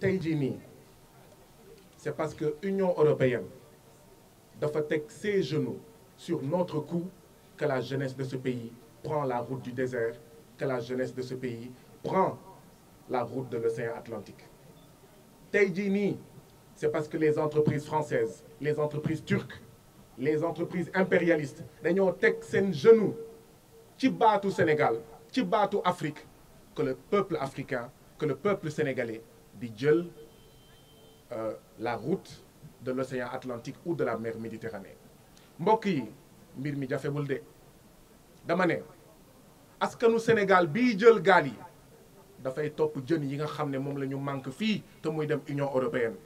tey jii nii c'est parce que Union européenne dafa teg ses genoux sur notre cou que la jeunesse de ce pays prend la route du désert que la jeunesse de ce pays prend la route de l'océan Atlantique tey jii nii c'est parce que les entreprises françaises les entreprises turques les entreprises impérialistes dañoo teg seen genou ci baatu Sénégal ci baatu Afrique que le peuple africain que le peuple sénégalais di jël euh, la route de l'océan Atlantique ou de la mer Méditerranée mbokk yi mbir mi jafewul de dama ne askanu Sénégal bii jël gaal yi dafay topp jën yi nga xam ne moom la ñu manque fii te muy dem Union européenne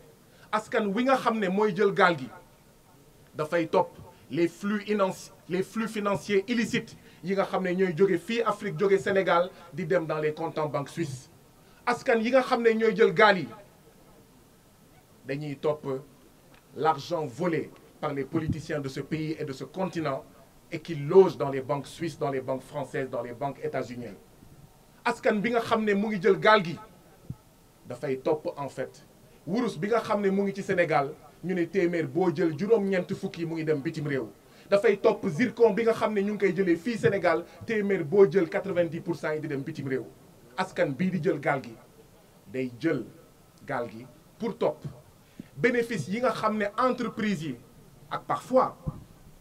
askan wi nga xam ne mooy jël gaal gi dafay topp les flux inanci les flux financier illicites yi nga xam ne ñooy jóge fii Afrique jóge Sénégal di dem dans les comptes en banque suisse askan yi nga xam ne ñooy jël gaal yi dañuy topp l'argent volé par les politiciens de ce pays et de ce continent et qui loge dans les banques suisses dans les banques françaises dans les banques états-uniennes askan bi nga xam ne mu ngi jël gaal gi dafay topp en fait wurus bi nga xam ne mu ngi ci Sénégal ñu ne téeméer boo jël juróom-ñeent fukk mu ngi dem bitim réew dafay topp zircon bi nga xam ne ñu ngi koy jëlee fii Sénégal téeméer boo jël 90 pour cent yi di dem bitim réew askan bii di jël gaal gi day jël gaal gi pour topp bénéfice yi nga xam ne entreprise yi ak parfois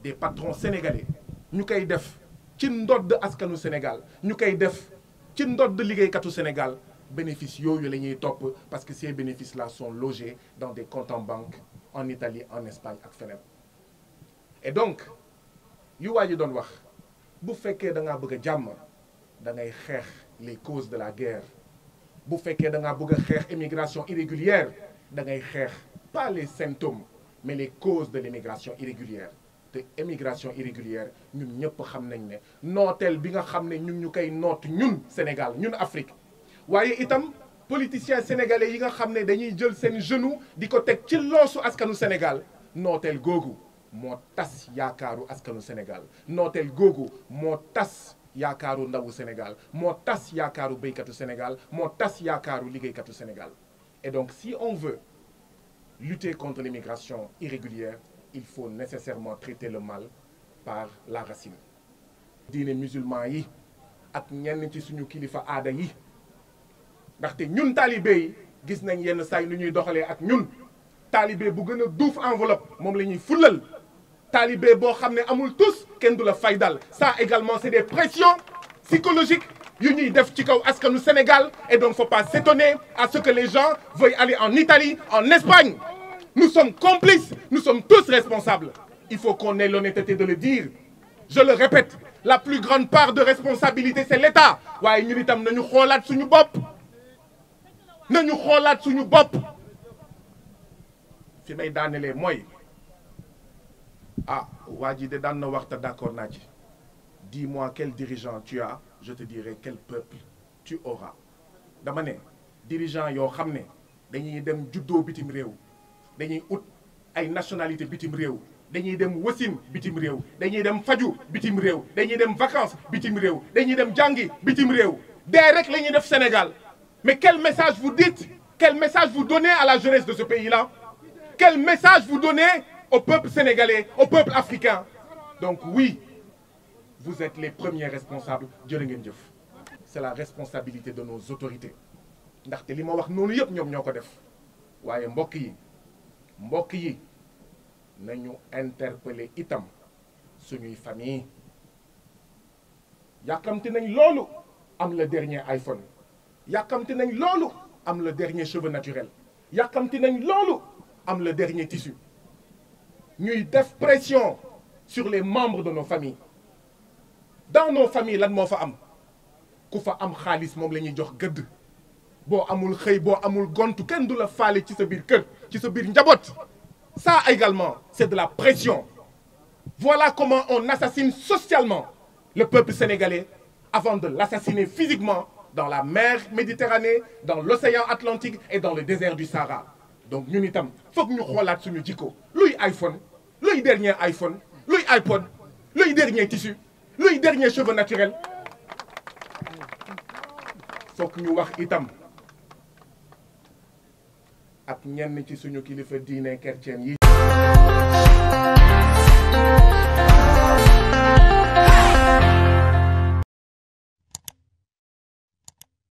des patrons sénégalais ñu koy def ci ndodd askanu Sénégal ñu koy def ci ndodd liggéeykatu Sénégal bénéfice yooyu la ñuy topp parce que ces bénéfices là sont logés dans des comptes banque en Italie en Espagne ak feneen et donc yu waa ji doon wax bu fekkee da ngaa bëgg a jàmm da ngay xeex les causes de la guerre bu fekkee da ngaa bëgg xeex immigration irrégulière da ngay xeex pas les mais les causes de l'immigration irrégulière te immigration irrégulière ñun ñëpp xam nañ ne nooteel bi nga xam ne ñu ñu koy noot ñun Sénégal ñun Afrique waaye itam politiciens sénégalais yi nga xam ne dañuy jël seen genou di ko teg ci loosu askanu Sénégal nooteel googu moo tas yaakaaru askanu Sénégal nootel googu moo tas yaakaaru ndawu Sénégal moo tas yaakaaru béykatu Sénégal moo tas yaakaaru liggéeykatu Sénégal et donc si on veut lutter contre l'immigration irrégulière il faut nécessairement traiter le mal par la racine diine musulman yi ak ñenn ci suñu kilifa aada yi ndaxte ñun taalibe gis nañ yenn saa yi nu ñuy doxalee ak ñun taalibe bu gën a duuf enveloppe moom la ñuy fulal talibé boo xam ne amul tous kenn du la fay dal ça également c'est des pressions psychologiques yu ñuy def ci kaw askanu Sénégal et donc faut pas s'étonner à ce que les gens veuillent aller en Italie en Espagne nous sommes complices nous sommes tous responsables il faut qu'on ait l'honnêteté de le dire je le répète la plus grande part de responsabilité c'est l'État waaye ñun itam nañu xoolaat suñu bopp nañu xoolaat suñu bopp fi may daanelee mooy ah waa jii de daan na wax te d'accord naa ci dis-moi quel dirigeant tu as je te dirai quel peuple tu auras dama ne dirigeant yoo xam ne dañuy dem juddoo bitim réew dañuy ut ay nationalité bitim réew dañuy dem wasin bitim réew dañuy dem faju bitim réew dañuy dem vacances bitim réew dañuy dem jàngi bitim réew dee rek la ñuy def Sénégal mais quel message vous dites quel message vous donné à la jeunesse de ce pays-là quel message vous donné au peuple sénégalais, au peuple africain. Donc oui, vous êtes les premiers responsables jërë ngeen jëf c'est la responsabilité de nos autorités ndaxte li ma wax noonu yëpp ñoom ñoo ko def waaye mbokk yi mbokk yi nañu interpeller itam suñuy famille yàkkamti nañ loolu am le dernier iPhone yàkkamti nañ loolu am le dernier cheveu naturels yàkkamti nañ loolu am le dernier tissu ñuy def pression sur les membres de nos familles dans nos familles lan moo fa am ku fa am xaalis moom la ñuy jox gëdd boo amul xëy boo amul gontu kenn du la faale ci sa biir kër ci sa biir njaboot ça également c'est de la pression voilà comment on assassine socialement le peuple sénégalais avant de l'assassiner physiquement dans la mer Méditerranée dans l'océan Atlantique et dans le désert du Sahara donc ñun itam foog ñu xoolaat suñu jikko luy iPhone luy dernier iPhone luy iPod luy dernier tissu luy dernier cheveux naturel ñu wax itam ak ñenn ci suñu kilifa diine chrétien yi